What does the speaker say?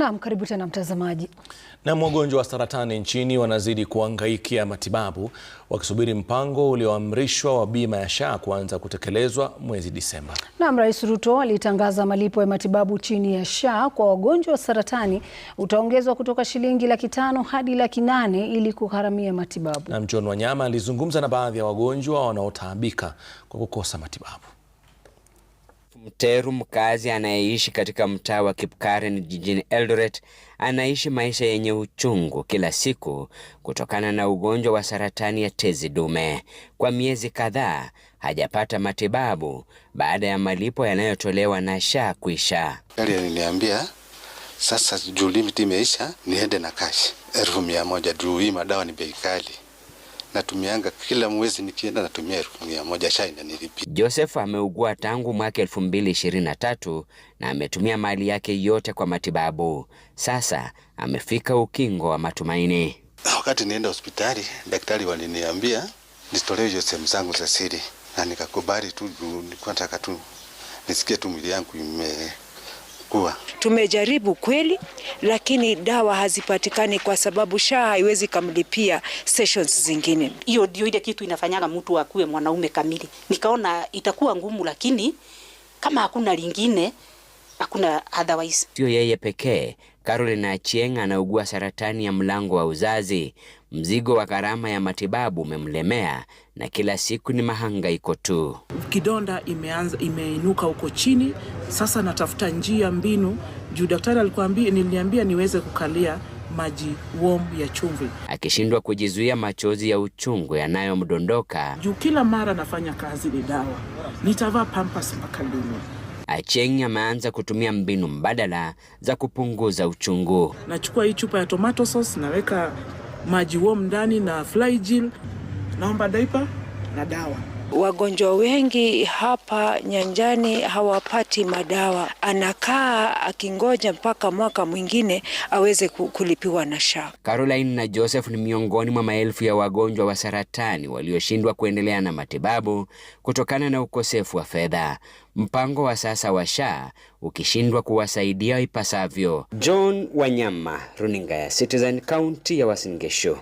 Naam, karibu tena mtazamaji. Na wagonjwa wa saratani nchini wanazidi kuangaikia matibabu wakisubiri mpango ulioamrishwa wa bima ya SHA kuanza kutekelezwa mwezi Disemba. Naam, Rais Ruto alitangaza malipo ya matibabu chini ya SHA kwa wagonjwa wa saratani utaongezwa kutoka shilingi laki tano hadi laki nane ili kugharamia matibabu. Naam, John Wanyama alizungumza na baadhi ya wagonjwa wanaotaabika kwa kukosa matibabu. Mteru, mkazi anayeishi katika mtaa wa Kipkaren jijini Eldoret, anaishi maisha yenye uchungu kila siku kutokana na ugonjwa wa saratani ya tezi dume. Kwa miezi kadhaa hajapata matibabu baada ya malipo yanayotolewa na SHA kuisha. Niliambia sasa juu limiti imeisha, niende na kashi elfu mia moja juu hii madawa ni bei kali natumianga kila mwezi nikienda natumia elfu mia moja shai na nilipi. Joseph ameugua tangu mwaka 2023 na ametumia mali yake yote kwa matibabu. Sasa amefika ukingo wa matumaini. Wakati nienda hospitali, daktari waliniambia nitolee hizo sehemu zangu za siri na nikakubali tu, nilikuwa nataka tu nisikie tu mwili yangu ime kuwa tumejaribu kweli, lakini dawa hazipatikani kwa sababu SHA haiwezi kamlipia sessions zingine. Hiyo ndio ile kitu inafanyaga mtu akuwe mwanaume kamili. Nikaona itakuwa ngumu, lakini kama hakuna lingine hakuna otherwise. Sio yeye pekee, Caroline Achieng anaugua saratani ya mlango wa uzazi. Mzigo wa gharama ya matibabu umemlemea na kila siku ni mahangaiko tu. Kidonda imeanza imeinuka huko chini, sasa natafuta njia mbinu juu daktari alikuambia, niliambia niweze kukalia maji warm ya chumvi, akishindwa kujizuia machozi ya uchungu yanayomdondoka juu. Kila mara nafanya kazi ni dawa, nitavaa pampas mpaka lini? Acheng ameanza kutumia mbinu mbadala za kupunguza uchungu. Nachukua hii chupa ya tomato sauce, naweka maji warm ndani na fly gel, naomba daipa na dawa Wagonjwa wengi hapa nyanjani hawapati madawa, anakaa akingoja mpaka mwaka mwingine aweze kulipiwa na SHA. Caroline na Joseph ni miongoni mwa maelfu ya wagonjwa wa saratani walioshindwa kuendelea na matibabu kutokana na ukosefu wa fedha, mpango wa sasa wa SHA ukishindwa kuwasaidia ipasavyo. John Wanyama, runinga ya Citizen, kaunti ya Wasingishu.